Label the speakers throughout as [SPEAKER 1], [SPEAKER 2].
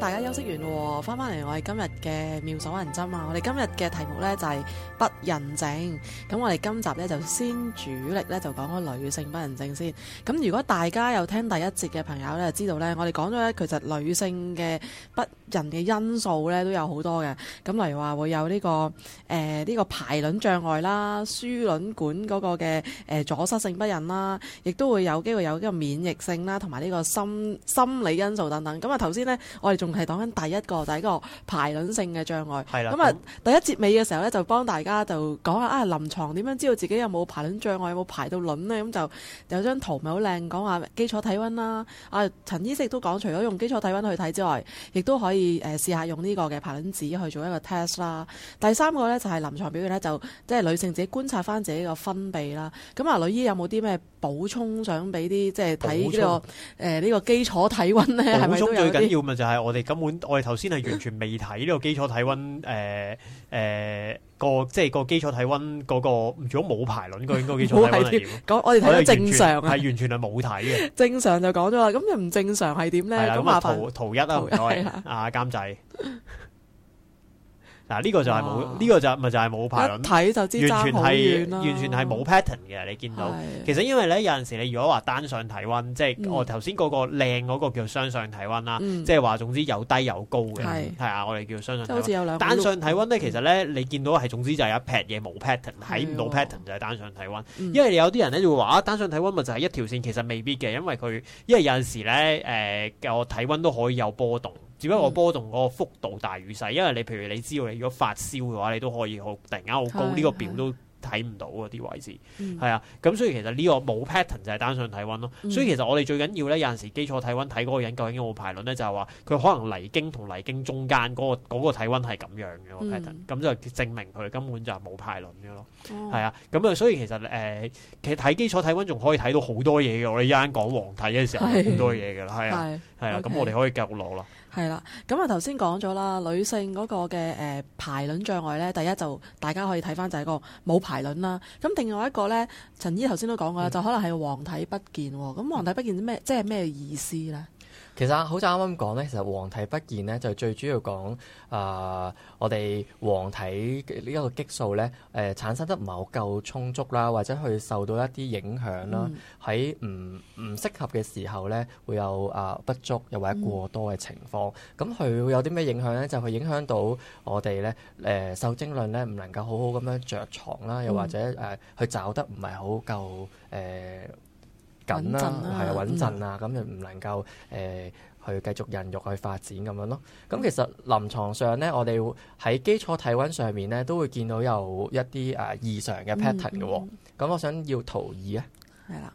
[SPEAKER 1] 大家休息完，翻翻嚟我哋今日嘅妙手銀針啊！我哋今日嘅題目咧就係不孕症，咁我哋今集咧就先主力咧就講個女性不孕症先。咁如果大家有聽第一節嘅朋友咧，就知道咧我哋講咗咧，其實女性嘅不孕嘅因素咧都有好多嘅。咁例如話會有呢個誒呢個排卵障礙啦、輸卵管嗰個嘅誒阻塞性不孕啦，亦都會有機會有呢個免疫性啦，同埋呢個心心理因素等等。咁啊，頭先咧我哋仲。係講緊第一個第、就係、一個排卵性嘅障礙，咁啊的、嗯、第一節尾嘅時候咧就幫大家就講下啊臨床點樣知道自己有冇排卵障礙，有冇排到卵咧？咁就有張圖咪好靚，講下基礎體溫啦、啊。啊陳醫師亦都講，除咗用基礎體溫去睇之外，亦都可以誒試下用呢個嘅排卵紙去做一個 test 啦。第三個咧就係、係、臨床表現咧，就即係女性自己觀察翻自己個分泌啦。咁啊，女醫有冇啲咩補充想俾啲即係睇呢個誒呢個基礎體溫咧？係咪補充？ 最緊要
[SPEAKER 2] 咪就係我哋。根本我哋頭先係完全未睇呢個基礎體温，誒誒、 呃呃、個即係個基礎體温嗰、那個，如果冇排卵嗰個基礎體温 我哋睇正常係、啊、 完全係冇睇嘅。
[SPEAKER 1] 正常就講咗啦，咁又唔正常係點咧？咁啊圖圖一啊唔該
[SPEAKER 2] 啊監仔。監製 嗱呢、啊這個就係冇，呢、啊、個就咪、是、就係冇 pattern。一睇就知完全係完全係冇 pattern 嘅，你見到。是其實因為咧，有陣時你如果話單上體温，即係我頭先嗰個靚嗰個叫雙上體温啦，嗯、即係話總之有低有高嘅。係啊是，我哋叫雙上體温。單上體温咧，其實咧你見到係總之就係一撇嘢冇 pattern，睇唔到 pattern 就係單上體温。因為你有啲人咧就會話單上體温咪就係一條線，其實未必嘅，因為佢因，因為有陣時咧誒我體温都可以有波動。只不過波動嗰個幅度大與細，因為、like、你譬如你知道，你如果發燒嘅話，你都可以好突然間好高，呢個表都睇唔到嗰啲位置，係啊。咁所以其實呢個冇 pattern 就係單純體温咯。所以其實我哋最緊要咧，有陣時基礎體温睇嗰個人究竟有冇排卵咧，就係話佢可能嚟經同嚟經中間嗰個嗰個體温係咁樣嘅 pattern，咁就證明佢根本就冇排卵嘅咯。係啊，咁啊，所以其實誒，其實睇基礎體温仲可以睇到好多嘢嘅。我哋一陣講黃體嘅時候好多嘢嘅啦，係啊，係啊，咁我哋可以救落啦。
[SPEAKER 1] 係啦，咁啊，頭先講咗啦，女性嗰個嘅誒、呃、排卵障礙咧，第一就大家可以睇翻就係個冇排卵啦，咁另外一個咧，陳姨頭先都講過啦，嗯、就可能係黃體不健，咁黃體不健咩即係咩意思咧？
[SPEAKER 3] 其實好似啱啱講咧，其實黃體不健咧就最主要講啊、呃，我哋黃體呢一個激素咧，誒、呃、產生得唔係好夠充足啦，或者佢受到一啲影響啦，喺唔唔適合嘅時候咧，會有啊不足又或者過多嘅情況。咁佢、嗯、會有啲咩影響咧？就係影響到我哋咧，誒、呃、受精卵咧唔能夠好好咁樣着床啦，又或者誒佢、呃、找得唔係好夠誒。呃緊啦，係穩陣啊，咁、啊啊嗯、就唔能夠誒去、呃、繼續孕育去發展咁樣咯。咁其實臨床上咧，我哋喺基礎體温上面咧，都會見到有一啲誒、啊、異常嘅 pattern 嘅。咁、嗯嗯、我想要圖二啊，係啦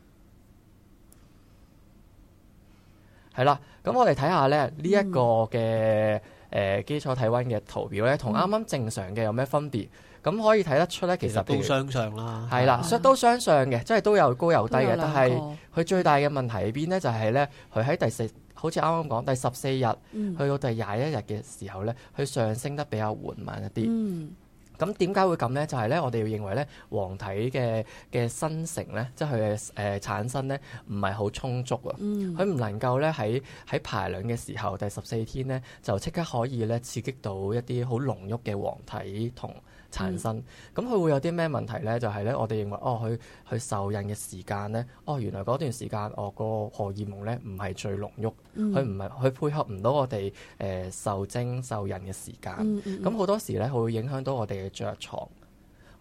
[SPEAKER 3] 的，係啦。咁我哋睇下咧呢一、這個嘅、嗯。誒基礎體温嘅圖表咧，同啱啱正常嘅有咩分別？咁、嗯、可以睇得出咧，其實都相
[SPEAKER 2] 像啦。係啦，
[SPEAKER 3] 都相像嘅，即係都有高有低嘅。但係佢最大嘅問題喺邊咧？就係咧，佢喺第十，好似啱啱講，第十四日去到第廿一日嘅時候咧，佢、嗯、上升得比較緩慢一啲。嗯咁點解會咁呢？就係咧，我哋要認為咧，黃體嘅嘅生成咧，即係佢嘅產生咧，唔係好充足啊。佢唔、嗯、能夠咧喺喺排卵嘅時候第十四天咧，就即刻可以咧刺激到一啲好濃郁嘅黃體同產生，咁佢會有啲咩問題呢？就係咧，我哋認為哦，佢佢受孕嘅時間呢，哦，原來嗰段時間我個荷爾蒙呢唔係最濃郁，佢唔係佢配合唔到我哋誒、呃、受精受孕嘅時間。咁好、嗯嗯、多時呢，佢會影響到我哋嘅着床。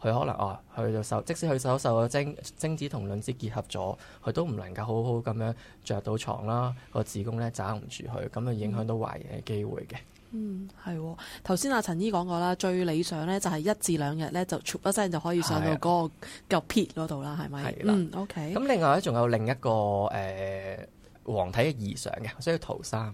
[SPEAKER 3] 佢可能哦，佢就受，即使佢手受咗精，精子同卵子結合咗，佢都唔能夠好好咁樣着到床啦。個子宮呢，抓唔住佢，咁就影響到懷孕嘅機會嘅。嗯
[SPEAKER 1] 嗯，係。頭先阿陳姨講過啦，最理想咧就係一至兩日咧就唰一聲就可以上到嗰個個 pit 嗰度啦，係咪的？的嗯，OK。咁另
[SPEAKER 3] 外咧仲有另一個誒黃體嘅異常嘅，所以圖三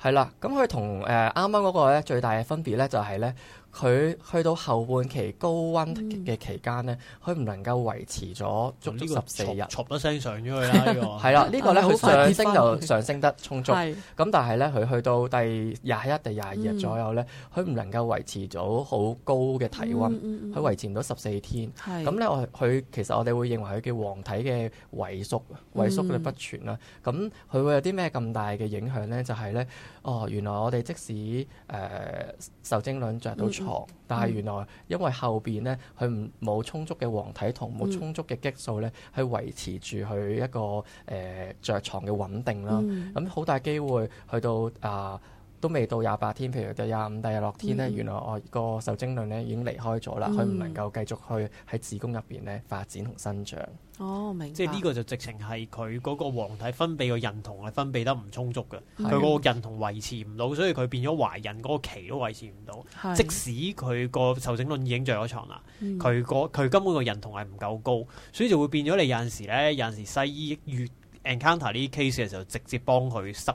[SPEAKER 3] 係啦。咁佢同誒啱啱嗰個咧最大嘅分別咧就係咧。佢去到後半期高溫嘅期間咧，佢唔能夠維持咗足呢十四日，挫得聲上咗去啦。係啦，呢個咧好上升就上升得充足。咁但係咧，佢去到第廿一、第廿二日左右咧，佢唔能夠維持咗好高嘅體溫，佢維持唔到十四天。咁咧我佢其實我哋會認為佢叫黃體嘅萎縮，萎縮力不全啦。咁佢會有啲咩咁大嘅影響咧？就係、是、咧，哦，原來我哋即使誒、呃、受精卵着到床，但係原來因為後邊呢，佢唔冇充足嘅黃體酮，冇充足嘅激素呢，去維持住佢一個誒著牀嘅穩定啦。咁好大機會去到啊，呃都未到廿八天，譬如第廿五、第廿六天咧，嗯、原來我個受精卵咧已經離開咗啦，佢唔、嗯、能夠繼續去喺子宮入邊咧發展同生長。
[SPEAKER 2] 哦，我明。即係呢個就直情係佢嗰個黃體分泌嘅孕酮係分泌得唔充足嘅，佢、嗯、個孕酮維持唔到，所以佢變咗懷孕嗰個期都維持唔到。是即使佢個受精卵已經着咗床啦，佢個佢根本個孕酮係唔夠高，所以就會變咗你有陣時咧，有陣時西醫越 encounter 呢啲 case 嘅時候，直接幫佢塞。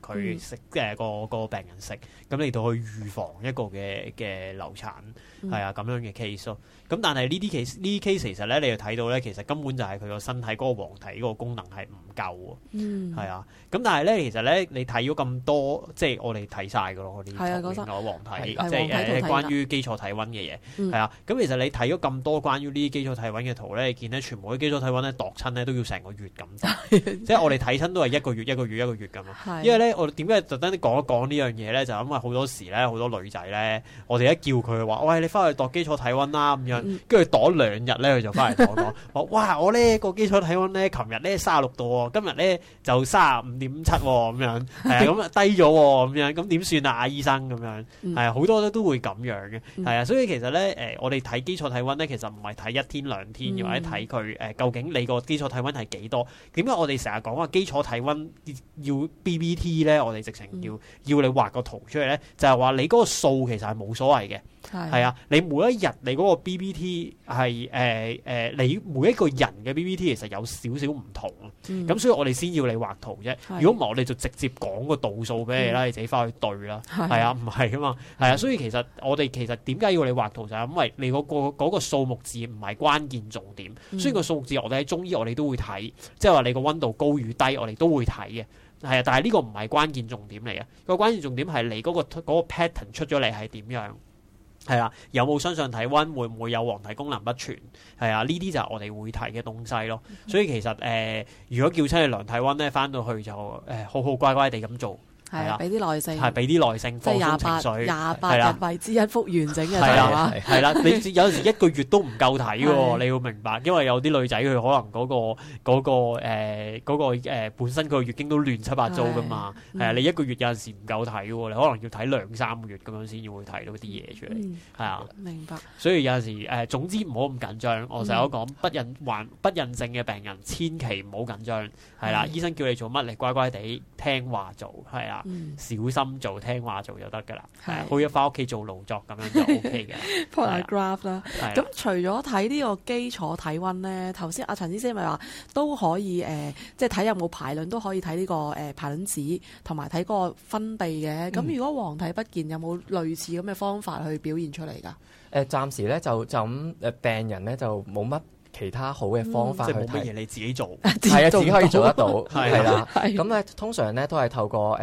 [SPEAKER 2] 去食誒個個病人食。咁嚟到去預防一個嘅嘅流產，係啊，咁樣嘅 case。咁但係呢啲 case 呢 case 其實咧，你就睇到咧，其實根本就係佢個身體嗰個黃體嗰個功能係唔夠喎，係啊。咁但係咧，其實咧你睇咗咁多，即係我哋睇曬噶咯啲原來黃體，即係誒關於基礎體温嘅嘢，係啊。咁其實你睇咗咁多關於呢啲基礎體温嘅圖咧，見到全部啲基礎體温咧度親咧都要成個月咁，即係我哋睇親都係一個月一個月一個月咁，因為咧。我點解特登啲講一講呢樣嘢咧？就是、因為好多時咧，好多女仔咧，我哋一叫佢話：喂，你翻去度基礎體温啦，啊，咁樣跟住度兩日咧，佢就翻嚟講講： 哇，我呢個基礎體温咧，琴日咧卅六度，今日咧就卅五點七咁樣，係咁啊低咗咁樣，咁點算啊？阿醫生咁樣，係啊，好，嗯、多都都會咁樣嘅，係啊，嗯，所以其實咧，誒，我哋睇基礎體温咧，其實唔係睇一天兩天，而係睇佢誒究竟你個基礎體温係幾多？點解我哋成日講話基礎體温要 B B T 咧？我哋直情要要你畫個圖出嚟咧，就係、是、話你嗰個數其實係冇所謂嘅，係啊的，你每一日你嗰個 BBT 係誒誒，你每一個人嘅 BBT 其實有少少唔同，咁、嗯、所以我哋先要你畫圖啫。如果唔係，我哋就直接講個度數俾你啦，嗯、你自己翻去對啦，係啊的，唔係啊嘛，係啊，所以其實的我哋其實點解要你畫圖就係因為你、那個、那個嗰個數目字唔係關鍵重點，雖然、嗯、個數目字我哋喺中醫我哋都會睇，即係話你個溫度高與低我哋都會睇嘅。係啊，但係呢個唔係關鍵重點嚟嘅，個關鍵重點係你嗰、嗰個嗰個 pattern 出咗嚟係點樣？係啊，有冇相信體温？會唔會有黃體功能不全？係啊，呢啲就係我哋會睇嘅東西咯。 所以其實誒、呃，如果叫出去量體温咧，翻到去就誒、呃、好好乖乖地咁做。係啊，俾啲耐性，係俾啲耐性，放鬆情緒，廿八的，廿八，
[SPEAKER 1] 為之一幅完整嘅圖畫。係啦，你
[SPEAKER 2] 有時一個月都唔夠睇喎， 的你要明白，因為有啲女仔佢可能嗰、那個嗰、那個誒嗰、呃那個、呃呃、本身佢月經都亂七八糟噶嘛。係啊的，你一個月有陣時唔夠睇喎，你可能要睇兩三個月咁樣先會睇到啲嘢出嚟。係啊、嗯，的明白。所以有陣時誒、呃，總之唔好咁緊張。嗯、我成日都講，不孕、患不孕症嘅病人，千祈唔好緊張。係啦，嗯、醫生叫你做乜，你乖乖地。聽話做係啊，小心做，聽話做就得噶啦。係、嗯，可以翻屋企做勞作咁
[SPEAKER 1] 樣就 OK 嘅。Paragraph 啦，咁 的除咗睇呢個基礎體温咧，頭 先阿陳醫師咪話都可以誒、呃，即係睇有冇排卵都可以睇呢個誒排卵紙，同埋睇個分泌嘅。咁、嗯、如果黃體不健，有冇類似咁嘅方法去表現出嚟㗎？誒、
[SPEAKER 3] 嗯， 暫時咧就就咁誒，病人咧就冇乜。其他好嘅方法、嗯、去睇看，嘢你自己做，係啊，只可以做得到，係啦。咁咧通常咧都係透過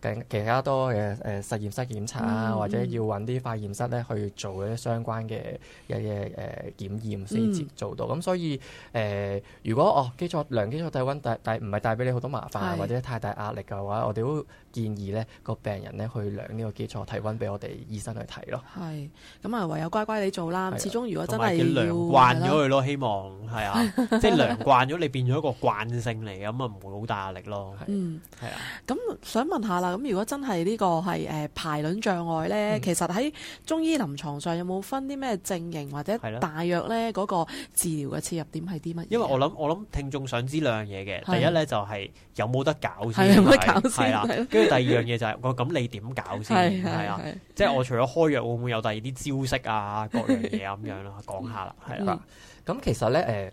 [SPEAKER 3] 更、呃、其他多嘅誒實驗室檢查啊，嗯、或者要揾啲化驗室咧去做一啲相關嘅一嘢誒檢驗先至做到。咁、嗯、所以誒、呃，如果哦基礎量基礎體溫帶帶唔係帶俾你好多麻煩的或者太大壓力嘅話，嗯、我哋都。建議咧個病人咧去量呢個基礎體溫俾我哋醫生去睇咯。係，
[SPEAKER 1] 咁啊唯有乖乖你做啦。始終如果真係要量慣咗佢咯，
[SPEAKER 2] 希望係啊，即係量慣咗你變咗一個慣性嚟，咁啊唔會好大壓力咯。嗯，
[SPEAKER 1] 係啊。咁想問下啦，咁如果真係呢個係誒排卵障礙咧，其實喺中醫臨床上有冇分啲咩症型或者大約咧嗰個治療嘅切入點係啲乜？因為
[SPEAKER 2] 我諗我諗聽眾想知兩樣嘢嘅，第一咧就係有冇得搞有冇得搞先，係啦，跟住。第二樣嘢就係我咁，你點搞先？係啊，即係我除咗開藥，會唔會有第二啲招式啊？各樣嘢咁樣啦，講下啦，係啦。
[SPEAKER 3] 咁其實咧，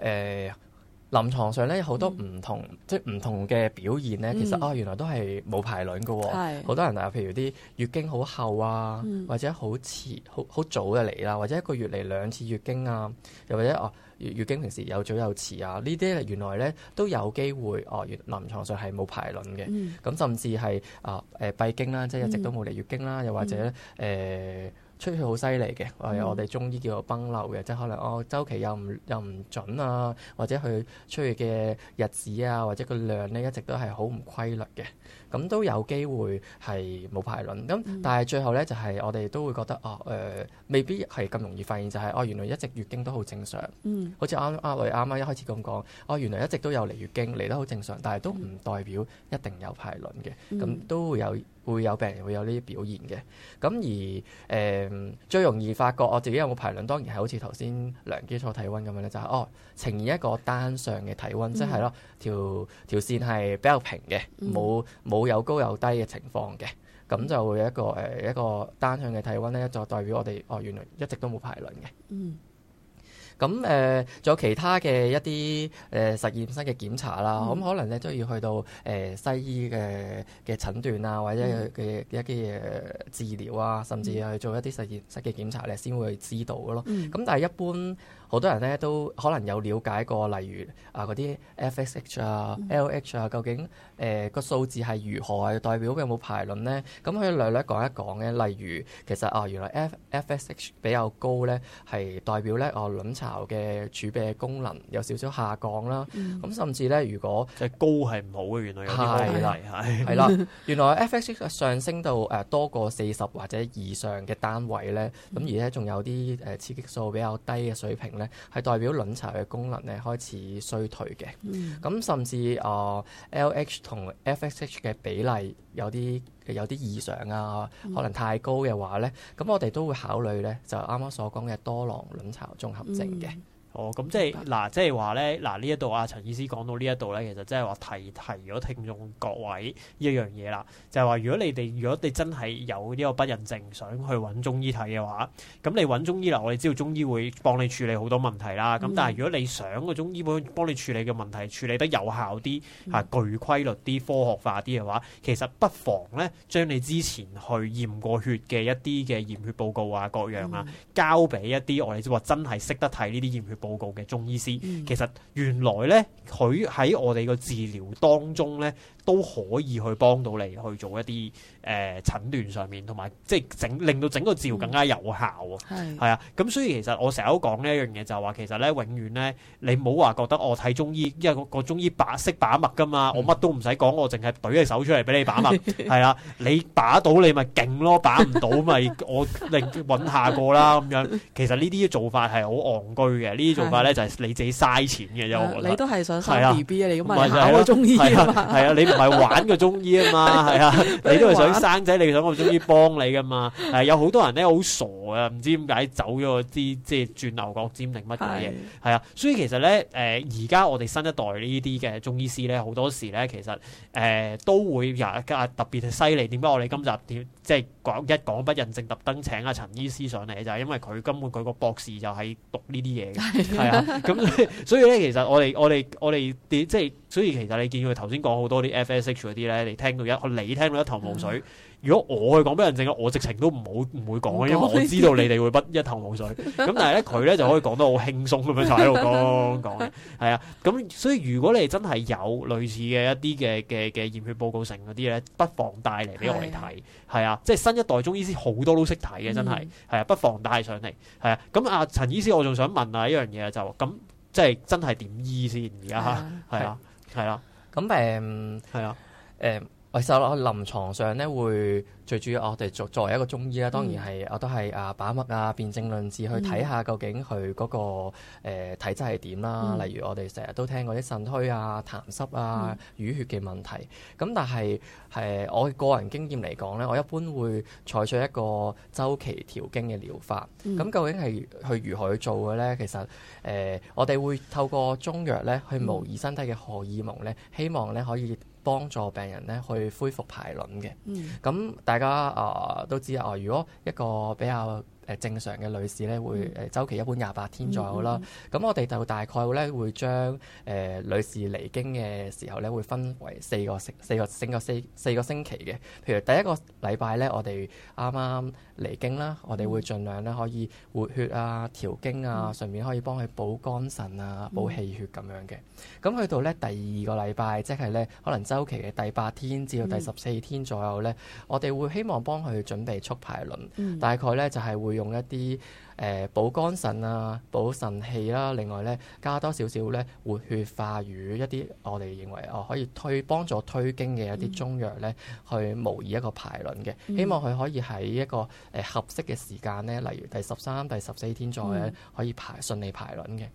[SPEAKER 3] 誒誒，臨床上咧好多唔同，即係唔同嘅表現咧。其實啊，原來都係冇排卵嘅喎。好多人呀，譬如啲月經好後啊，或者好遲、好好早就嚟啦，或者一個月嚟兩次月經啊，又或者哦。月月經平時有早有遲啊，呢啲原來咧都有機會哦，原臨床上係冇排卵嘅，咁、嗯、甚至係啊誒閉經啦，即、呃、係、就是、一直都冇嚟月經啦，嗯、又或者誒。嗯呃出血好犀利嘅，嗯、或者我哋中醫叫做崩漏嘅，即係可能哦周期又唔又唔準啊，或者佢出血嘅日子啊，或者個量呢一直都係好唔規律嘅，咁都有機會係冇排卵。咁、嗯、但係最後呢，就係、是、我哋都會覺得哦誒、呃，未必係咁容易發現，就係、是、哦原來一直月經都好正常，好似啱我哋啱啱一開始咁講，哦原來一直都有嚟月經嚟得好正常，但係都唔代表、嗯、一定有排卵嘅，咁都會有。會有病人會有呢啲表現嘅，咁而誒、嗯、最容易發覺我、哦、自己有冇排卵，當然係好似頭先量基礎體温咁樣咧，就係、是、哦呈現一個單向嘅體温，嗯、即係咯條條線係比較平嘅，冇冇、嗯、有，有，有高有低嘅情況嘅，咁就會有一個誒、呃、一個單向嘅體温咧，就代表我哋哦原來一直都冇排卵嘅。嗯咁誒，仲、呃、有其他嘅一啲誒、呃、實驗室嘅檢查啦，咁、嗯、可能咧都要去到誒、呃、西醫嘅嘅診斷啊，或者嘅一啲嘅、嗯、治療啊，甚至去做一啲實驗室嘅檢查咧，先會知道嘅咯。咁、嗯、但係一般。好多人咧都可能有了解過，例如啊嗰啲 FSH 啊、LH 啊，究竟誒個數字係如何，代表佢有冇排卵咧？咁可以略略講一講咧。例如，其實啊，原來 F FSH 比較高咧，係代表咧我卵巢嘅儲備嘅功能有少少下降啦。咁甚至咧，如果即係高係唔好嘅，原來有啲問題係。係啦，原來 FSH 上升到誒多過四十或者以上嘅單位咧，咁而咧仲有啲誒刺激素比較低嘅水平咧。係代表卵巢嘅功能咧，開始衰退嘅。咁、嗯、甚至啊、uh, LH 同 FSH 嘅比例有啲有啲異常啊，可能太高嘅話咧，咁、嗯、我哋都會
[SPEAKER 2] 考慮咧就啱啱所講嘅多囊卵巢綜合症嘅。嗯哦，咁即係嗱，即係話咧，嗱呢一度阿陳醫師講到呢一度咧，其實即係話提提咗聽眾各位一樣嘢啦，就係、是、話如果你哋如果你真係有呢個不孕症，想去揾中醫睇嘅話，咁你揾中醫啦，我哋知道中醫會幫你處理好多問題啦。咁但係如果你想個中醫會幫你處理嘅問題處理得有效啲、係具、嗯啊、規律啲、科學化啲嘅話，其實不妨咧將你之前去驗過血嘅一啲嘅驗血報告啊各樣啊交俾一啲我哋即話真係識得睇呢啲驗血報告、啊、報告嘅中醫師，其實原來咧佢喺我哋個治療當中咧，都可以去幫到你去做一啲誒診斷上面，同埋即係整令到整個治療更加有效。係啊、嗯，咁的所以其實我成日都講呢一樣嘢，就係、是、話其實咧永遠咧，你唔好話覺得我睇、哦、中醫，因為個中醫把識把脈噶嘛，嗯、我乜都唔使講，我淨係懟隻手出嚟俾你把脈。係啊， 你把到你咪勁咯，把唔到咪我另揾下個啦咁樣。其實呢啲做法係好戇居嘅呢。做法咧就係你自己嘥錢嘅啫，我覺得。你都係想生 BB 啊？你問下我中醫啊嘛，係啊，你唔係玩個中醫啊嘛，係 啊， 你都係想生仔， 你想我中醫幫你噶嘛？誒， 有好多人咧好傻。唔知點解走咗啲，即係轉牛角尖，定乜鬼嘢？係啊的，的所以其實咧，誒而家我哋新一代呢啲嘅中醫師咧，好多時咧，其實誒、呃、都會又阿特別犀利。點解我哋今集點即係講一講不孕症，特登請阿陳醫師上嚟，就係、是、因為佢根本，佢個博士就係讀呢啲嘢嘅，係啊。咁所以咧，其實我哋我哋我哋即係，所以其實你見佢頭先講好多啲 FSH 嗰啲咧，你聽到一你聽到一頭霧水。嗯。如果我去講俾人聽啊，我直情都唔好唔會講，因為我知道你哋會不一頭霧水。咁 但係咧，佢咧就可以講得好輕鬆咁就喺度講講嘅，係啊。咁所以如果你真係有類似嘅一啲嘅嘅嘅驗血報告成嗰啲咧，industry，不妨帶嚟俾我哋睇。係的啊，即係新一代中醫師好多都識睇嘅，真係係啊，不妨帶上嚟。係啊，咁、啊、阿陳醫師，我仲想問一下一、這個、樣嘢就咁，即係真係點醫先而家？係啊，係啦。
[SPEAKER 3] 咁誒，係啊，誒。其實我臨床上咧會最主要，我哋作作為一個中醫咧，嗯、當然係我都係啊把脈啊，辨證論治、嗯、去睇下究竟佢嗰、那個誒、呃、體質係點啦。嗯、例如我哋成日都聽嗰啲腎虛啊、痰濕啊、淤血嘅問題。咁、嗯、但係係我個人經驗嚟講咧，我一般會採取一個週期調經嘅療法。咁、嗯、究竟係去如何去做嘅咧？其實誒、呃，我哋會透過中藥咧去模擬身體嘅荷爾蒙咧，希望咧可以。幫助病人咧去恢復排卵嘅，咁、嗯、大家啊都知啊，如果一個比較。誒正常嘅女士咧，會誒週期一般廿八天左右啦。咁、嗯、我哋就大概咧會將誒、呃、女士嚟經嘅時候咧，會分為四個星四個星個四四個星期嘅。譬如第一個禮拜咧，我哋啱啱嚟經啦，嗯、我哋會盡量咧可以活血啊、調經啊，嗯、順便可以幫佢補肝腎啊、補氣血咁樣嘅。咁去到咧第二個禮拜，即係咧可能週期嘅第八天至到第十四天左右咧，嗯、我哋會希望幫佢準備促排卵，嗯、大概咧就係、是、會。用一啲誒、呃、補肝腎啊、補腎氣啦，另外咧加多少少咧活血化瘀一啲，我哋認為哦可以推幫助推經嘅一啲中藥咧，嗯、去模擬一個排卵嘅，希望佢可以喺一個誒合適嘅時間咧，例如第十三、第十四天再咧、嗯、可以排順利排卵嘅。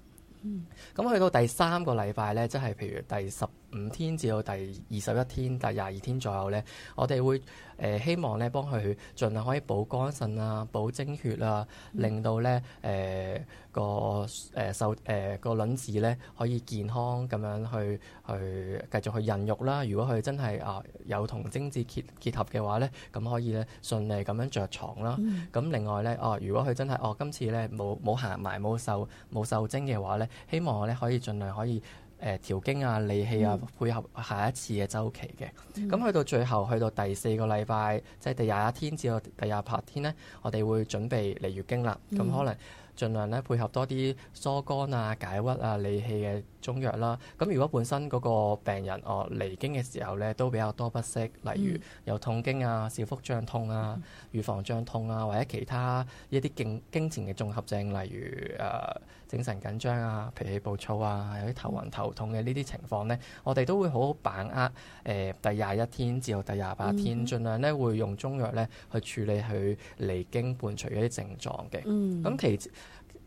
[SPEAKER 3] 嗯，咁去到第三個禮拜咧，即係譬如第十五天至到第二十一天、第廿二天左右咧，我哋會誒、呃、希望咧幫佢盡量可以補肝腎啊、補精血啊，令到咧誒、呃、個誒受誒個卵子咧可以健康咁樣去去，去繼續去孕育啦。如果佢真係啊、呃、有同精子結結合嘅話咧，咁可以咧順利咁樣着床啦。咁、嗯、另外咧，哦，如果佢真係哦今次咧冇冇行埋冇受冇受精嘅話咧，希望咧可以盡量可以。誒調經啊、理氣啊，配合下一次嘅周期嘅。咁去、嗯、到最後，去到第四個禮拜，即、就、係、是、第廿一天至到第廿八天咧，我哋會準備嚟月經啦。咁、嗯、可能儘量咧配合多啲疏肝啊、解鬱啊、理氣嘅中藥啦。咁如果本身嗰個病人哦嚟經嘅時候咧，都比較多不適，例如有痛經啊、小腹脹痛啊、乳房脹痛啊，或者其他一啲經經前嘅綜合症，例如誒。呃精神緊張啊、脾氣暴躁啊、有啲頭暈頭痛嘅呢啲情況呢，我哋都會好好把握誒、呃、第廿一天至到第廿八天，天嗯、盡量呢，會用中藥呢去處理佢離經伴隨一啲症狀嘅。嗯，咁其誒、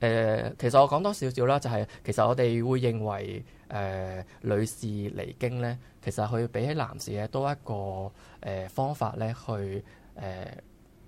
[SPEAKER 3] 呃、其實我講多少少啦，就係其實我哋會認為誒、呃、女士離經呢，其實佢比起男士呢多一個誒、呃、方法呢去誒。呃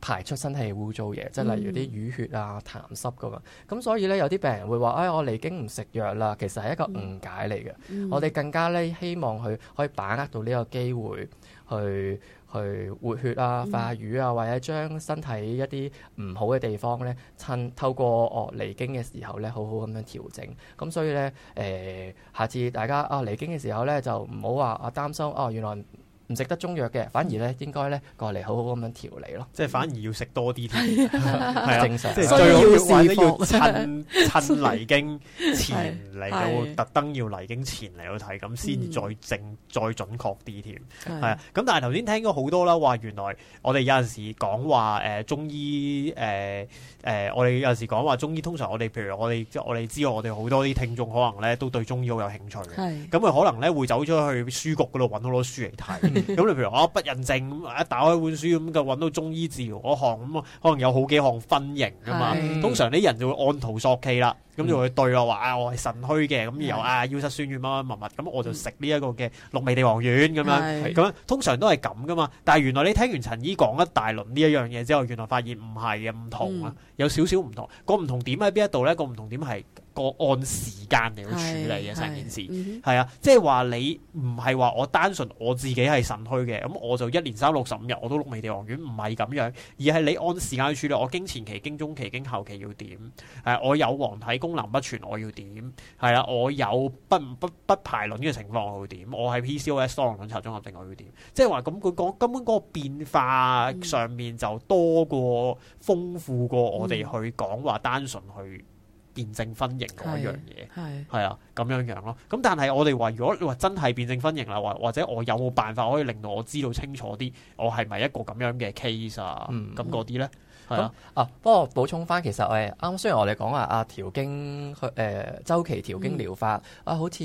[SPEAKER 3] 排出身體污糟嘢，即係例如啲淤血啊、痰濕咁啊。咁所以咧，有啲病人會話，哎，我嚟經唔食藥啦。其實係一個誤解嚟嘅。嗯、我哋更加咧希望佢可以把握到呢個機會去，去去活血啊、化瘀啊，或者將身體一啲唔好嘅地方咧，趁透過哦嚟經嘅時候咧，好好咁樣調整。咁所以咧，誒、呃，下次大家啊嚟經嘅時候咧，就唔好話啊擔心，哦、啊，原來。唔食得中藥嘅，反而咧應該咧過嚟好好咁樣調理咯。即係反而要食多啲添，
[SPEAKER 2] 係啊，正常。即係最好或者要趁趁嚟經前嚟到，特登要嚟經前嚟到睇，咁先再正再準確啲添。係啊，咁但係頭先聽咗好多啦，話原來我哋有陣時講話誒中醫誒誒，我哋有陣時講話中醫，通常我哋譬如我哋即係我哋知我哋好多啲聽眾，可能咧都對中醫好有興趣嘅。係，咁佢可能咧會走咗去書局嗰度揾好多書嚟睇。咁你譬如我不孕症咁一打開本書，咁就揾到中醫治療嗰項咁啊，可能有好幾項分型噶嘛。通常啲人就會按圖索驥啦，咁就會對我話啊，我係腎虛嘅咁，又啊腰膝酸軟，乜乜物物咁，我就食呢一個嘅六味地黃丸咁樣咁。通常都係咁噶嘛，但係原來你聽完陳醫講一大輪呢一樣嘢之後，原來發現唔係嘅，唔同啊，有少少唔同，個唔同點喺邊一度咧？個唔同點係。個按時間嚟去處理嘅成件事，係啊，即係話你唔係話我單純我自己係腎虛嘅，咁我就一年三六十五日我都六味地黃丸，唔係咁樣，而係你按時間去處理，我經前期、經中期、經後期要點，誒，我有黃體功能不全，我要點，係啊，我有不不不，不排卵嘅情況，我要點，我係 PCOS 多囊卵巢綜合症，我要點，即係話咁佢講根本嗰個變化上面就多過豐、嗯、富過我哋去講話單純去。嗯辨證分型嗰一樣嘢，係啊咁樣樣咯。咁但係我哋話，如果話真係辨證分型啦，或或者我有冇辦法可以令到我知道清楚啲，我係咪一個咁樣嘅 case 啊？咁嗰啲咧，係啊。啊，不過補充
[SPEAKER 3] 翻，其實我哋，啱。雖然我哋講啊，啊調經去誒週期調經療法、嗯、啊，好似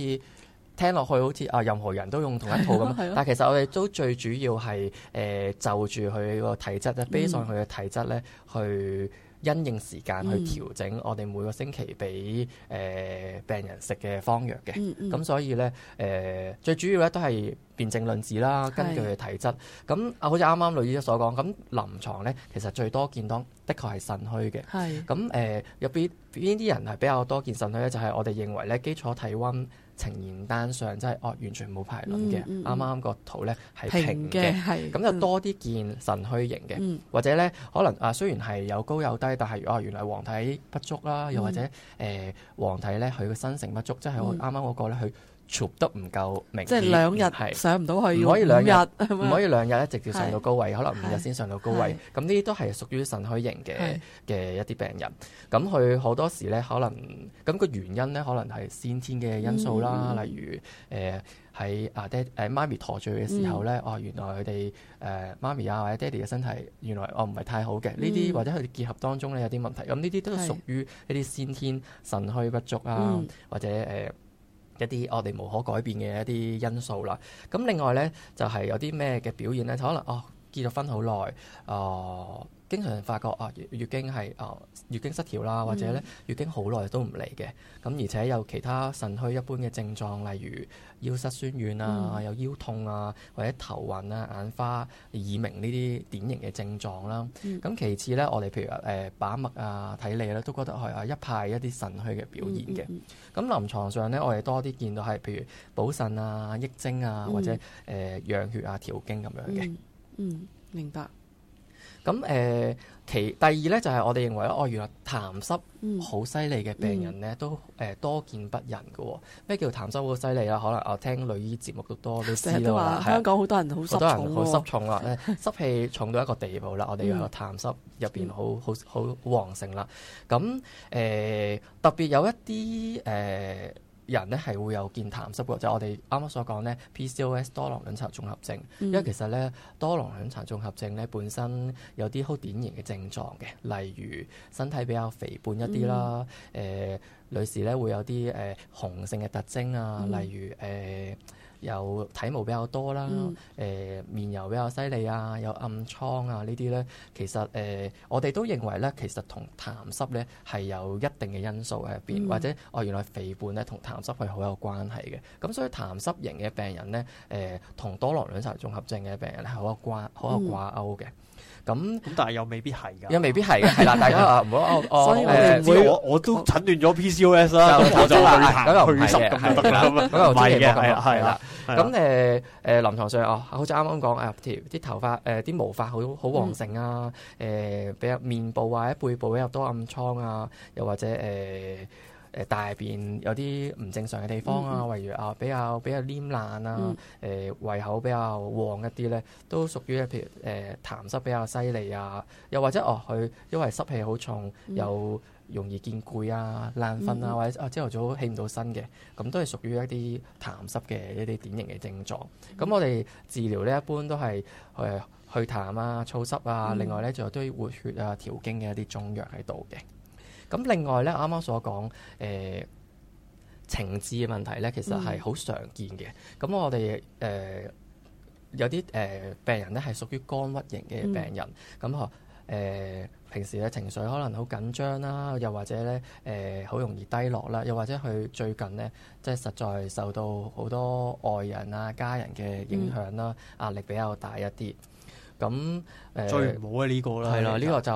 [SPEAKER 3] 聽落去好似啊，任何人都用同一套咁。嗯嗯、但其實我哋都最主要係誒、呃、就住佢個體質咧 base 上佢嘅體質咧去。因應時間去調整我哋每個星期俾誒、呃、病人食嘅方藥嘅，咁、嗯嗯、所以咧誒、呃、最主要咧都係辨證論治啦，是根據佢體質。咁啊，好剛剛似啱啱雷醫生所講，咁臨床咧其實最多見到的確係腎虛嘅。係咁誒入邊邊啲人係比較多見腎虛咧？就係、是、我哋認為咧基礎體温呈現單上即係哦，完全冇排卵嘅，啱啱、嗯嗯、個圖咧係平嘅，係咁就多啲見腎虛型嘅，嗯、或者咧可能啊，雖然係有高有低，但係哦、啊，原來黃體不足啦，嗯、又或者誒黃體咧佢個生成不足，即係我啱啱嗰個咧佢。嗯潮都唔夠明顯，即係兩日係上唔到去，唔可以兩日，唔可以兩日一直要上到高位，可能五日先上到高位。咁呢啲都係屬於腎虛型嘅嘅一啲病人。咁佢好多時咧，可能咁個原因咧，可能係先天嘅因素啦，例如誒喺啊爹誒媽咪陀醉嘅時候咧，哦，原來佢哋誒媽咪啊或者爹哋嘅身體原來哦，唔係太好嘅。呢啲或者佢哋結合當中咧有啲問題。咁呢啲都係屬於呢啲先天腎虛不足啊，或者誒。一啲我哋無可改變嘅一啲因素啦。咁另外咧，就係有啲咩嘅表現咧，就可能哦結咗婚好耐哦。經常發覺啊，月經係啊月經失調啦，或者咧月經好耐都唔嚟嘅，咁而且有其他腎虛一般嘅症狀，例如腰膝酸軟啊，有腰痛啊，或者頭暈啊、眼花、耳鳴呢啲典型嘅症狀啦。咁其次咧，我哋譬如誒把脈啊、睇脷咧，都覺得係啊一派一啲腎虛嘅表現嘅。咁臨床上咧，我哋多啲見到係譬如補腎啊、益精啊，或者誒養血啊、調經咁樣嘅。嗯，
[SPEAKER 1] 明白。
[SPEAKER 3] 咁誒、呃、其第二咧就係、是、我哋認為咧、哦，原來痰濕好犀利嘅病人咧、嗯、都誒、呃、多見不孕嘅喎、哦。咩叫痰濕好犀利呀？可能我聽女醫節目多都多都知啦。啊、香港好多人好濕重，好多人好濕重啊！濕氣重到一個地步啦。我哋個痰濕入邊、嗯、好好好好旺盛啦。咁誒、呃、特別有一啲誒。呃人咧係會有健痰濕嘅，就係、我哋啱啱所講咧，PCOS 多囊卵巢綜合症。嗯、因為其實咧多囊卵巢綜合症咧本身有啲好典型嘅症狀嘅，例如身體比較肥胖一啲啦，誒、嗯呃、女士咧會有啲誒雄性嘅特徵啊，呃嗯、例如誒。呃有體毛比較多啦，誒面油比較犀利啊，有暗瘡啊呢啲咧，其實誒我哋都認為咧，其實同痰濕咧係有一定嘅因素喺入邊，或者哦原來肥胖咧同痰濕係好有關係嘅。咁所以痰濕型嘅病人咧，誒同多囊卵巢綜合症嘅病人係好有掛好有掛鈎嘅。咁
[SPEAKER 2] 咁但係又未必係㗎，又未必係㗎，係啦，大家好我都診斷咗 PCOS 啦，就去痰去濕咁就得啦，咁又係。咁誒
[SPEAKER 3] 誒臨床上哦，好似啱啱講譬如，啲頭髮誒啲、呃、毛髮好好旺盛啊！誒比較面部或者背部比較多暗瘡啊，又或者誒誒、呃、大便有啲唔正常嘅地方啊，例如啊比較比較黏爛啊，誒、嗯呃、胃口比較旺一啲咧，都屬於譬如誒、呃、痰濕比較犀利啊，又或者哦佢、呃、因為濕氣好重有。嗯容易見攰啊、爛瞓啊，或者啊朝頭早起唔到身嘅，咁、嗯、都係屬於一啲痰濕嘅一啲典型嘅症狀。咁、嗯、我哋治療咧一般都係誒去，去痰啊、燥濕啊，另外咧仲有都要活血啊、調經嘅一啲中藥喺度嘅。咁另外咧啱啱所講誒、呃、情志嘅問題咧，其實係好常見嘅。咁、嗯、我哋誒、呃、有啲誒、呃、病人咧係屬於肝鬱型嘅病人，咁啊、嗯。嗯誒平時嘅情緒可能好緊張啦，又或者咧誒好容易低落啦，又或者佢最近咧即係實在受到好多外人啊家人嘅影響啦，嗯、壓力比較大一啲。咁誒、呃、最唔好啊呢個啦，係啦了，呢天個就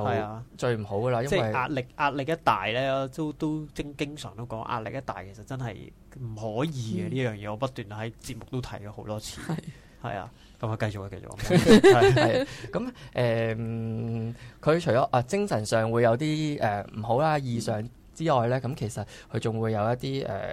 [SPEAKER 3] 最唔好噶啦，的因為壓力
[SPEAKER 2] 壓力一大咧，都都經經常都講壓力一大其實真係唔可以嘅呢樣嘢，我不斷喺節目都提咗好多次，係啊的。咁啊，繼續啊，繼續。
[SPEAKER 3] 係咁誒，佢、呃、除咗啊精神上會有啲誒唔好啦、異常之外咧，咁、嗯、其實佢仲會有一啲誒、呃、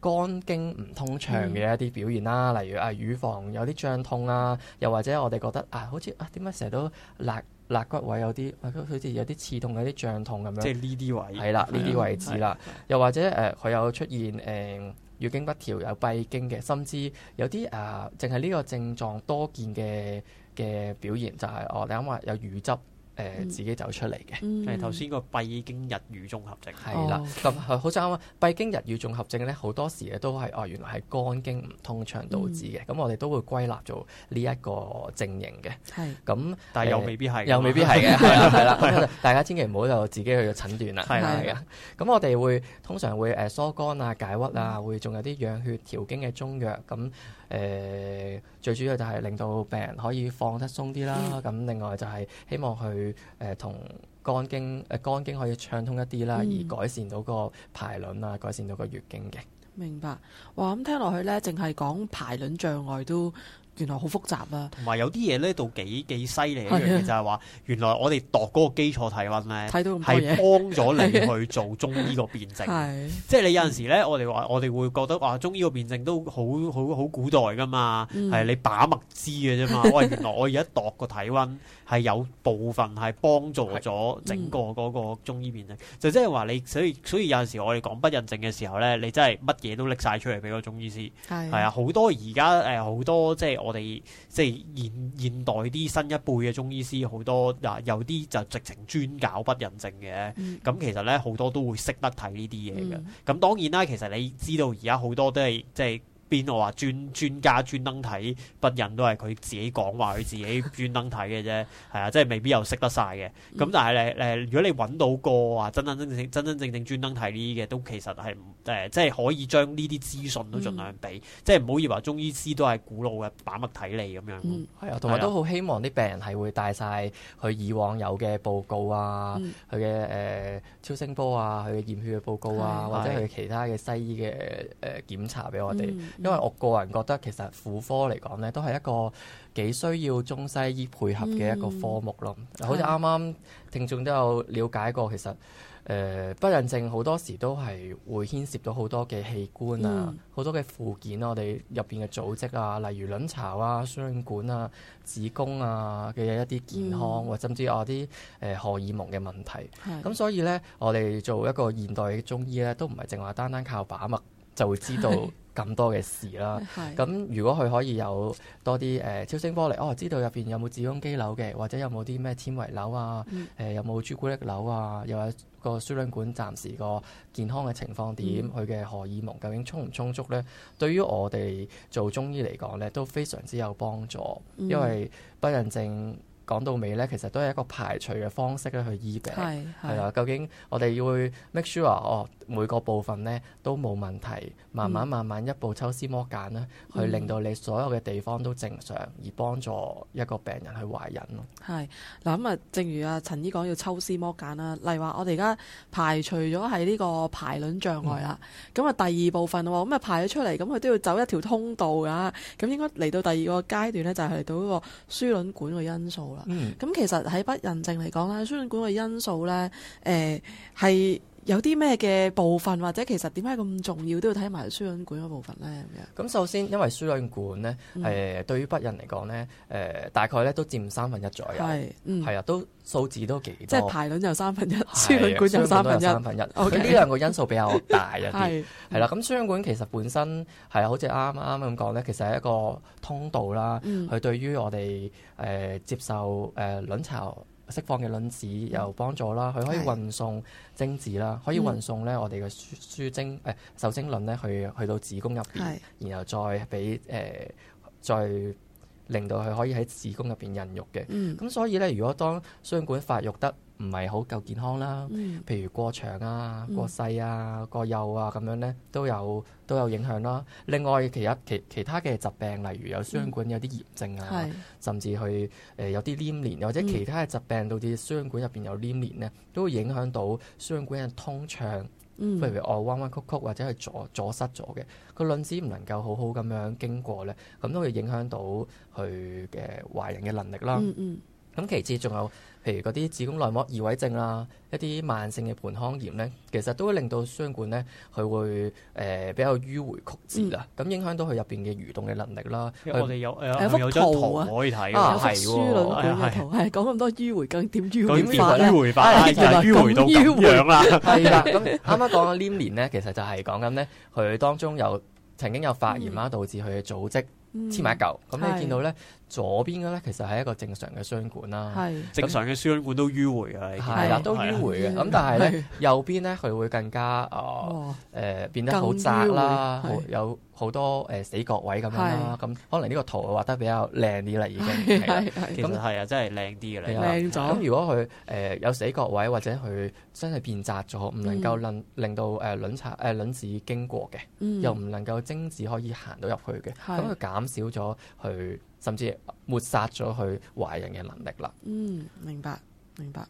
[SPEAKER 3] 肝經唔通暢嘅一啲表現啦，嗯、例如啊，乳房有啲脹痛啦、啊，又或者我哋覺得啊，好似啊，點解成日都肋肋骨位有啲，好、啊、似有啲刺痛、有啲脹痛咁樣。即係呢啲位。係啦，呢啲位置啦，嗯、又或者誒，佢、呃、有出現誒。呃月經不調、有閉經嘅，甚至有啲誒、啊，淨係呢個症狀多見嘅嘅表現就係、是、哦，你諗話有乳汁。誒自己走出嚟嘅，誒頭先個閉經溢
[SPEAKER 2] 乳綜合症係啦，
[SPEAKER 3] 咁 好正啱閉經溢乳綜合症咧好多時嘅都係哦，原來係肝經唔通暢導致嘅，咁、嗯、我哋都會歸納做呢一個症型嘅，係咁是，那但係又未必係，又未必係嘅，係啦係啦，大家千祈唔好就自己去診斷啦，係啦係啦，咁我哋會通常會誒疏肝啊、解鬱啊，會仲有啲養血調經嘅中藥咁。誒最主要就係令到病人可以放得鬆啲啦，咁、嗯、另外就係希望佢誒同肝經誒肝經可以暢通一啲啦，嗯、而改善到個排卵啊，改善到個月經嘅。
[SPEAKER 1] 明白，哇！咁聽落去呢，淨係講排卵障礙都～原來好複雜啊，同
[SPEAKER 2] 埋有啲嘢咧，都幾幾犀利一樣嘢就係話，原來我哋度嗰個基礎體温咧，係幫咗你去做中醫個辨證，係，即係你有陣時咧，我哋話我哋會覺得話中醫個辨證都好好好古代噶嘛，係你把脈知嘅啫嘛，喂，原來我而家度個體温係有部分係幫助咗整個嗰個中醫辨證，就即係話你所以所以有陣時我哋講不孕症嘅時候咧，你真係乜嘢都拎晒出嚟俾個中醫師，係，係啊，好多而家誒好多即係。我哋即係現現代啲新一輩嘅中醫師好多啊，有啲就直情專搞不孕症嘅，咁、嗯、其實咧好多都會識得睇呢啲嘢嘅。咁、嗯、當然啦，其實你知道而家好多都係即係。邊度話專專家專登睇不孕都係佢自己講話，佢自己專登睇嘅啫，係啊，即係未必又識得晒嘅。咁但係咧，誒，如果你揾到個啊，真真正正、真真正正專登睇呢啲嘅，都其實係誒，即係可以將呢啲資訊都盡量俾，即係唔好以為中醫師都係古老嘅把脈睇嚟咁樣。係啊，同埋都
[SPEAKER 3] 好希望啲病人係會帶晒佢以往有嘅報告啊，佢嘅誒超聲波啊，佢嘅驗血嘅報告啊，或者佢其他嘅西醫嘅誒檢查俾我哋。因為我個人覺得，其實婦科嚟講咧，都係一個幾需要中西醫配合嘅一個科目咯。嗯、好似啱啱聽眾都有了解過，其實誒、呃、不孕症好多時都係會牽涉到好多嘅器官啊，好、嗯、多嘅附件啊，我哋入邊嘅組織啊，例如卵巢啊、輸卵管啊、子宮啊嘅一啲健康，或、嗯、甚至我啲誒荷爾蒙嘅問題。咁的所以咧，我哋做一個現代嘅中醫咧，都唔係淨話單單靠把脈就會知道。咁多嘅事啦，咁的如果佢可以有多啲誒、呃、超聲波嚟，我、哦、知道入邊有冇子宮肌瘤嘅，或者有冇啲咩纖維瘤啊，誒、嗯呃、有冇朱古力瘤啊，又係個輸卵管暫時個健康嘅情況點，佢嘅、嗯、荷爾蒙究竟充唔充足咧？對於我哋做中醫嚟講咧，都非常之有幫助，因為不孕症。講到尾咧，其實都係一個排除嘅方式咧去醫病，係啦。究竟我哋要 make sure 哦，每個部分咧都冇問題，慢慢慢慢一步抽絲剝繭啦，嗯、去令到你所有嘅地方都正常，而幫助一個病人去懷孕咯。
[SPEAKER 1] 係，嗱咁啊，正如阿陳醫講，要抽絲剝繭啦。例如話，我哋而家排除咗係呢個排卵障礙啦，咁啊、嗯、第二部分喎，咁啊排咗出嚟，咁佢都要走一條通道㗎，咁應該嚟到第二個階段咧，就係、是、嚟到嗰個輸卵管嘅因素。咁、嗯、其實喺不孕症嚟講咧，輸卵管個因素咧，誒、呃、係。有啲咩嘅部分或者其實點解咁重要都要睇埋輸卵管嗰部分咧咁樣？
[SPEAKER 3] 咁首先，因為輸卵管咧，誒，對於不孕嚟講咧，誒，大概咧都佔三分一左右。係，係啊，都數字都幾。即係排
[SPEAKER 1] 卵就三分一，輸卵管就三分一，三分一。呢兩個因素比較
[SPEAKER 3] 大一啲。係啦，咁輸卵管其實本身係啊，好似啱啱咁講咧，其實係一個通道啦。佢對於我哋，誒，接受，誒，卵巢。釋放嘅卵子有幫助啦，佢、嗯、可以運送精子啦，嗯、可以運送咧我哋嘅輸精誒受、哎、精卵咧去去到子宮入邊，嗯、然後再俾誒、呃、再令到佢可以喺子宮入邊孕育嘅。咁、嗯、所以咧，如果當雙管發育得，唔係好夠健康啦，嗯、譬如過長啊，過細啊、嗯、過幼啊咁樣咧，都有都有影響啦。另外，其他其其他嘅疾病，例如有輸管有啲炎症啊，嗯、甚至去誒、呃、有啲黏連，或者其他嘅疾病導致輸管入邊有黏連咧，都會影響到輸管嘅通暢，嗯、譬如愛彎彎曲曲或者係阻阻塞咗嘅個卵子唔能夠好好咁樣經過咧，咁都會影響到佢嘅懷孕嘅能力啦。嗯嗯咁其次仲有，譬如嗰啲子宮內膜異位症啦，一啲慢性嘅盆腔炎咧，其實都會令到雙管咧，佢會誒、呃、比較迂迴曲折啊，咁、嗯、影響到佢入邊嘅蠕動嘅能力啦。嗯、它我哋有有張圖啊，可以睇啊，係書本嘅圖，
[SPEAKER 1] 係講咁多迂迴咁點迂迴迂迴法啊，迂迴到咁樣啦。係啦，咁啱啱講
[SPEAKER 3] 緊黏連咧，其實就係講緊咧，佢當中有曾經有發炎啦，導致佢嘅組織黐埋一嚿，咁、嗯嗯嗯嗯、你見到咧。左邊嘅咧，其實係一個正常嘅輸管啦，正常嘅輸管都迂回啊，你睇下，啦，係啦，都迂回嘅。咁但係咧，右邊咧佢會更加誒變得好窄啦，有好多誒死角位咁樣啦。咁可能呢個圖畫得比較靚啲啦，已經係咁係
[SPEAKER 2] 啊，真係靚啲嘅啦，咁
[SPEAKER 3] 如果佢誒有死角位或者佢真係變窄咗，唔能夠令令到誒卵巢誒卵子經過嘅，又唔能夠精子可以行到入去嘅，咁佢減少咗去。甚至抹殺咗佢懷孕嘅能力啦。嗯，
[SPEAKER 1] 明白，明白。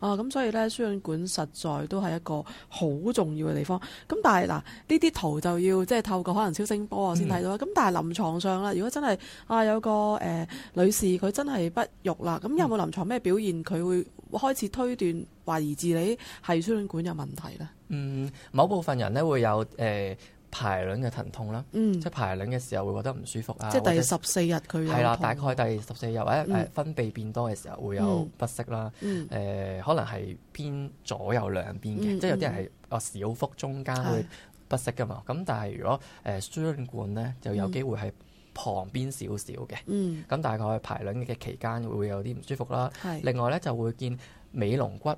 [SPEAKER 1] 啊，咁所以呢，輸卵管實在都係一個好重要嘅地方。咁但係嗱，呢、啊、啲圖就要即係透過可能超聲波啊先睇到咁。嗯、但係臨床上啦，如果真係啊有個誒、呃、女士佢真係不育啦，咁有冇臨床咩表現佢會開始推斷懷疑自己係輸卵管有問題呢？嗯，
[SPEAKER 3] 某部分人呢，會有誒。呃排卵嘅疼痛啦，即係排卵嘅時候會覺得唔舒服啊。即係第十
[SPEAKER 1] 四日佢嘅疼痛。係啦，大
[SPEAKER 3] 概第十四日或者誒分泌變多嘅時候會有不適啦。誒可能係偏左右兩邊嘅，即係有啲人係個小腹中間會不適噶嘛。咁但係如果輸卵管咧，就有機會係旁邊少少嘅。咁大概排卵嘅期間會有啲唔舒服啦。另外咧就會見尾龍骨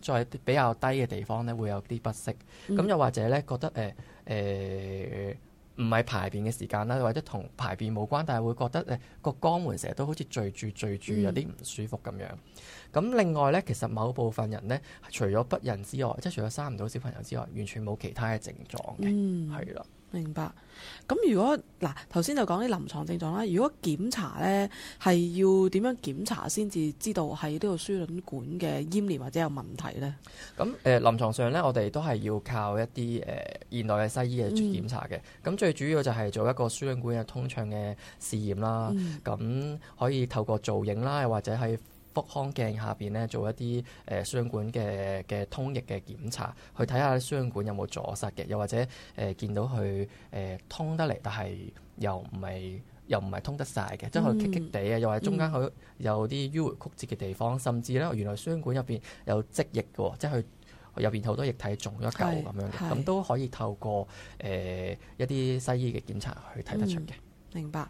[SPEAKER 3] 再比較低嘅地方咧會有啲不適。咁又或者咧覺得誒。誒唔係排便嘅時間啦，或者同排便冇關，但係會覺得誒個肛門成日都好似墜住墜住有啲唔舒服咁樣。咁、嗯、另外咧，其實某部分人咧，除咗不孕之外，即
[SPEAKER 1] 係除咗生唔到小朋友之外，完全冇其他嘅症狀嘅，係啦、嗯。明白，咁如果嗱，頭先就講啲臨床症狀啦。如果檢查咧，係要點樣檢查先至知道係呢個輸卵管嘅黏連或者有問題咧？
[SPEAKER 3] 咁誒，臨、呃、床上咧，我哋都係要靠一啲誒、呃、現代嘅西醫嘅檢查嘅。咁、嗯、最主要就係做一個輸卵管嘅通暢嘅試驗啦。咁、嗯、可以透過造影啦，又或者係。腹腔鏡下邊咧做一啲誒輸卵管嘅嘅通液嘅檢查，去睇下輸卵管有冇阻塞嘅，又或者誒、呃、見到佢誒、呃、通得嚟，但係又唔係又唔係通得晒嘅，嗯、即係佢棘棘地啊，又係中間佢有啲迂迴曲折嘅地方，嗯、甚至咧原來輸卵管入邊有積液嘅，即係佢入邊好多液體腫咗一嚿咁樣嘅，咁都是可以透過誒、呃、一啲西醫嘅檢
[SPEAKER 1] 查去睇得出嘅。明白。明白。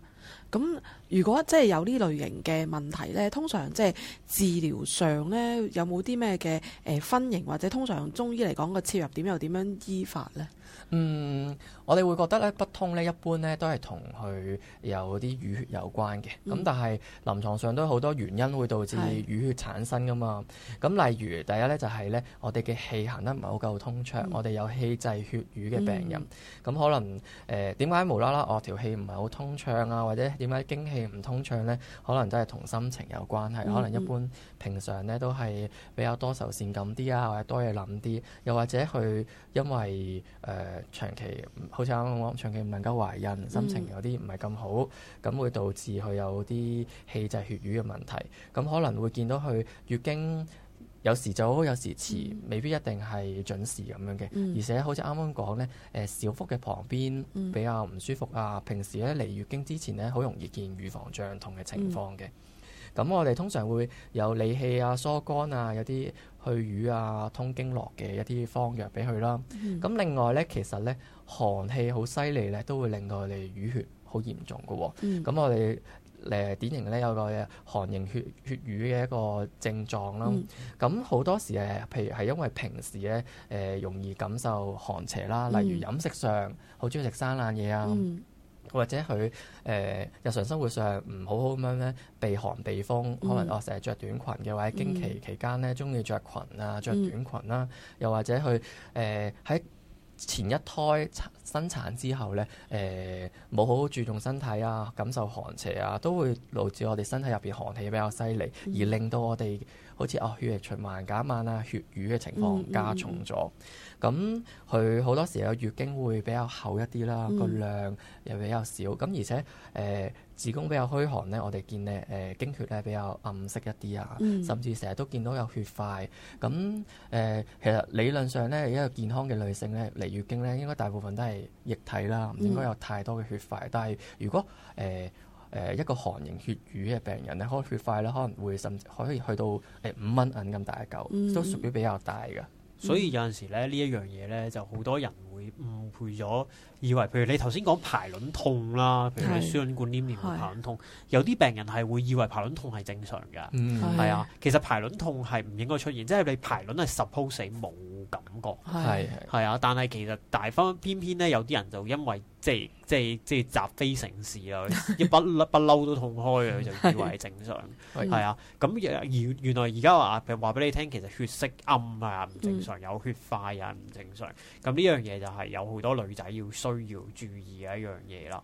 [SPEAKER 1] 咁如果即係有呢類型嘅問題呢，通常即係治療上呢，有冇啲咩嘅誒分型或者通常中醫嚟講個切入點又點樣醫法呢？嗯，我哋會覺得咧不通呢一
[SPEAKER 3] 般呢都係同佢有啲淤血有關嘅。咁、嗯、但係臨床上都好多原因會導致淤血產生噶嘛。咁是例如第一呢就係呢，我哋嘅氣行得唔係好夠通暢，嗯、我哋有氣滯血瘀嘅病人。咁、嗯嗯、可能誒點解無啦啦我條氣唔係好通暢啊？或者點解經氣唔通暢呢？可能都係同心情有關係。嗯、可能一般平常呢，都係比較多愁善感啲啊，或者多嘢諗啲，又或者佢因為誒長期好似啱啱講，長期唔能夠懷孕，心情有啲唔係咁好，咁、嗯、會導致佢有啲氣滯血瘀嘅問題，咁可能會見到佢月經。有時早有時遲，未必一定係準時咁樣嘅。嗯、而且好似啱啱講咧，誒小腹嘅旁邊比較唔舒服啊。嗯、平時咧，嚟月經之前咧，好容易見乳房脹痛嘅情況嘅。咁、嗯、我哋通常會有理氣啊、疏肝啊、有啲去瘀啊、通經絡嘅一啲方藥俾佢啦。咁、嗯、另外咧，其實咧寒氣好犀利咧，都會令到我哋淤血好嚴重嘅。咁、嗯、我哋。誒典型咧有個寒型血血瘀嘅一個症狀啦，咁好、嗯、多時誒，譬如係因為平時咧誒、呃、容易感受寒邪啦，例如飲食上好中意食生冷嘢啊，
[SPEAKER 2] 嗯、
[SPEAKER 3] 或者佢誒日常生活上唔好好咁樣咧避寒避風，嗯、可能我成日着短裙嘅話，經期期間咧中意着裙啊、着短裙啦，又或者佢誒喺。呃前一胎生產之後呢，誒、呃、冇好好注重身體啊，感受寒邪啊，都會導致我哋身體入邊寒氣比較犀利，嗯、而令到我哋好似哦血液循環減慢啊，血瘀嘅情況加重咗。嗯嗯嗯咁佢好多時候月經會比較厚一啲啦，個、嗯、量又比較少，咁而且誒、呃、子宮比較虛寒咧，我哋見咧誒、呃、經血咧比較暗色一啲啊，嗯、甚至成日都見到有血塊。咁誒、呃、其實理論上咧，一個健康嘅女性咧嚟月經咧，應該大部分都係液體啦，唔應該有太多嘅血塊。嗯、但係如果誒誒、呃呃、一個寒型血瘀嘅病人咧，開血塊咧可能會甚至可以去到誒五蚊銀咁大一嚿，嗯、都屬於比較大嘅。所以有陣
[SPEAKER 2] 時咧，呢一樣嘢咧，就好多人。誤配咗，以為譬如你頭先講排卵痛啦，譬如你輸卵管黏黏同排卵痛，有啲病人係會以為排卵痛係正常嘅，係、嗯嗯、啊，啊、其實排卵痛係唔應該出現，即係你排卵係 suppose 冇感覺，係係啊，但係其實大方偏偏咧有啲人就因為即係即係即係積非成是啊，一不不嬲都痛開啊，就以為係正常，係啊，是是啊，啊，啊、嗯嗯，咁而原來而家話俾你聽，其實血色暗啊唔正常，有血塊啊唔正常，咁呢、嗯、樣嘢就是。係有好多女仔要需要注意嘅一樣嘢啦，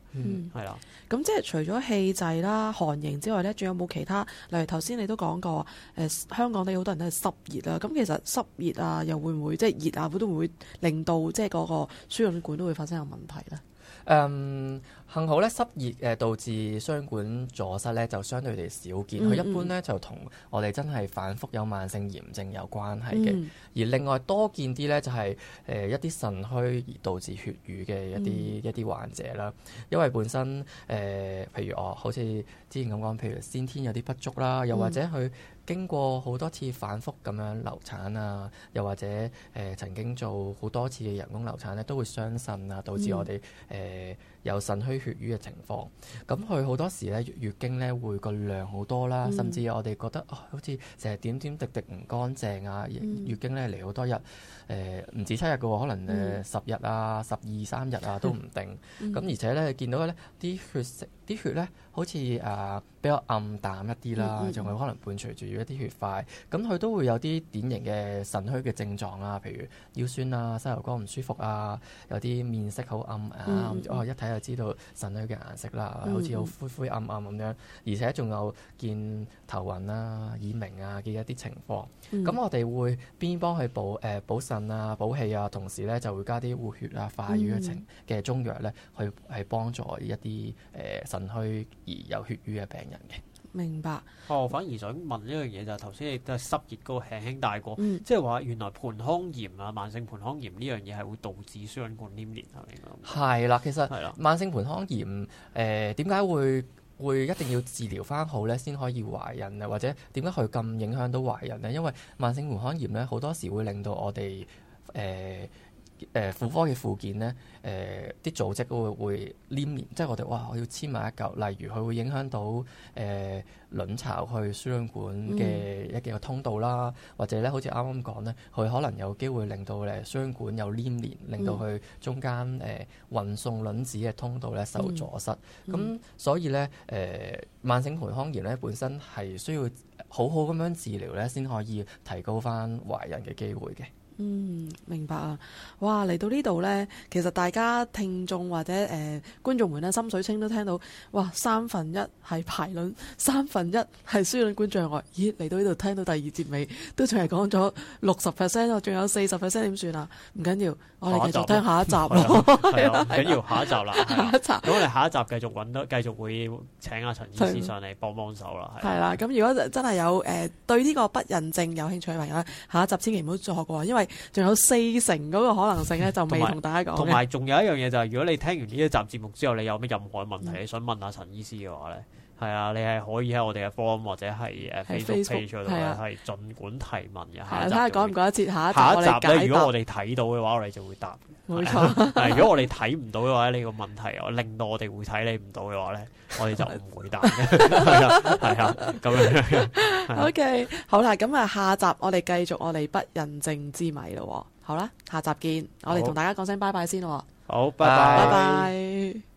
[SPEAKER 2] 係啦、嗯。
[SPEAKER 1] 咁的、嗯、即係除咗氣滯啦、寒型之外咧，仲有冇其他？例如頭先你都講過，誒、呃、香港啲好多人都係濕熱啦。咁其實濕熱啊，又會唔會即係熱啊？會唔會令到即係嗰個輸卵管都會發生有問題咧？
[SPEAKER 3] 誒。Um, 幸好咧濕熱誒導致雙管阻塞咧，就相對地少見。佢、嗯嗯、一般咧就同我哋真係反覆有慢性炎症有關係嘅。嗯、而另外多見啲咧就係、是、誒、呃、一啲腎虛而導致血瘀嘅一啲、嗯、一啲患者啦。因為本身誒、呃、譬如我好似之前咁講，譬如先天有啲不足啦，又或者佢經過好多次反覆咁樣流產啊，又或者誒、呃、曾經做好多次嘅人工流產咧，都會傷腎啊，導致我哋誒有腎虛。血瘀嘅情況，咁佢好多時咧月經咧會個量好多啦，嗯、甚至我哋覺得、哦、好似成日點點滴滴唔乾淨啊，嗯、月經咧嚟好多日，誒、呃、唔止七日嘅喎，可能誒十日啊、十二三日啊都唔定。咁、嗯、而且咧見到咧啲血色、啲血咧好似誒比較暗淡一啲啦，仲會可能伴隨住一啲血塊。咁佢都會有啲典型嘅腎虛嘅症狀啊，譬如腰酸啊、膝頭哥唔舒服啊，有啲面色好暗啊，哦、啊、我一睇就知道。腎虛嘅顏色啦，好似好灰灰暗暗咁樣，嗯、而且仲有見頭暈啦、啊、耳鳴啊嘅一啲情況。咁、嗯、我哋會邊幫佢補誒、呃、補腎啊、補氣啊，同時咧就會加啲活血啊、化瘀嘅情嘅、嗯、中藥咧，去係幫助一啲誒腎虛而有血瘀嘅病人嘅。
[SPEAKER 2] 明白。哦，反而想問一樣嘢就係頭先你嘅濕熱個輕輕帶過，即係話原來盆腔炎啊、慢性盆腔炎呢樣嘢係會導致輸卵管黏連，係咪啊？係
[SPEAKER 3] 啦，其實係啦的，慢性盆腔炎誒點解會會一定要治療返好咧，先可以懷孕啊？或者點解佢咁影響到懷孕咧？因為慢性盆腔炎咧好多時會令到我哋誒。呃誒婦、呃、科嘅附件咧，誒、呃、啲組織會會黏連，嗯、即係我哋哇，我要黐埋一嚿。例如佢會影響到誒、呃、卵巢去輸卵管嘅一個通道啦，嗯、或者咧好似啱啱講咧，佢可能有機會令到誒輸卵管有黏連，令到佢中間誒運送卵子嘅通道咧受阻塞。咁、嗯嗯、所以咧誒、呃、慢性盆腔炎咧本身係需要好好咁樣治療咧，先可以提高翻懷孕嘅機會嘅。
[SPEAKER 1] 嗯，明白啊！哇，嚟到呢度呢，其實大家聽眾或者誒、呃、觀眾們咧，心水清都聽到，哇，三分一係排卵，三分一係輸卵管障礙。咦，嚟到呢度聽到第二節尾，都仲係講咗六十 percent，仲有四十 percent 點算啊？唔緊要，我哋繼續聽下一集咯。係，唔緊要，下一集啦，下一集。咁我哋
[SPEAKER 2] 下一集繼續揾到，繼續會請阿陳醫師上嚟幫幫手啦。
[SPEAKER 1] 係啦，咁如果真係有誒、呃、對呢個不孕症有興趣嘅朋友咧，下一集千祈唔好再學過，因為。仲有四成嗰個可能性咧，就未同大家講。同埋
[SPEAKER 2] 仲有一樣嘢就係，如果你聽完呢一集節目之後，你有咩任何問題，你想問下陳醫師嘅話咧？係啊，你係可以喺我哋嘅 form 或者係誒 Facebook page 度咧，係儘管提問嘅。吓，睇下趕唔趕得切？下一集我哋解答。下一集咧，如果我哋睇到嘅話，我哋就會答。冇錯。但係如果我哋睇唔到嘅話，呢個問題令到我哋會睇你唔到嘅話咧，我哋就唔會答嘅。係啊，咁樣。OK，
[SPEAKER 1] 好啦，咁啊，下集我哋繼續我哋不孕症之謎咯。好啦，下集見。我哋同大家講聲拜拜先咯。
[SPEAKER 2] 好，拜拜。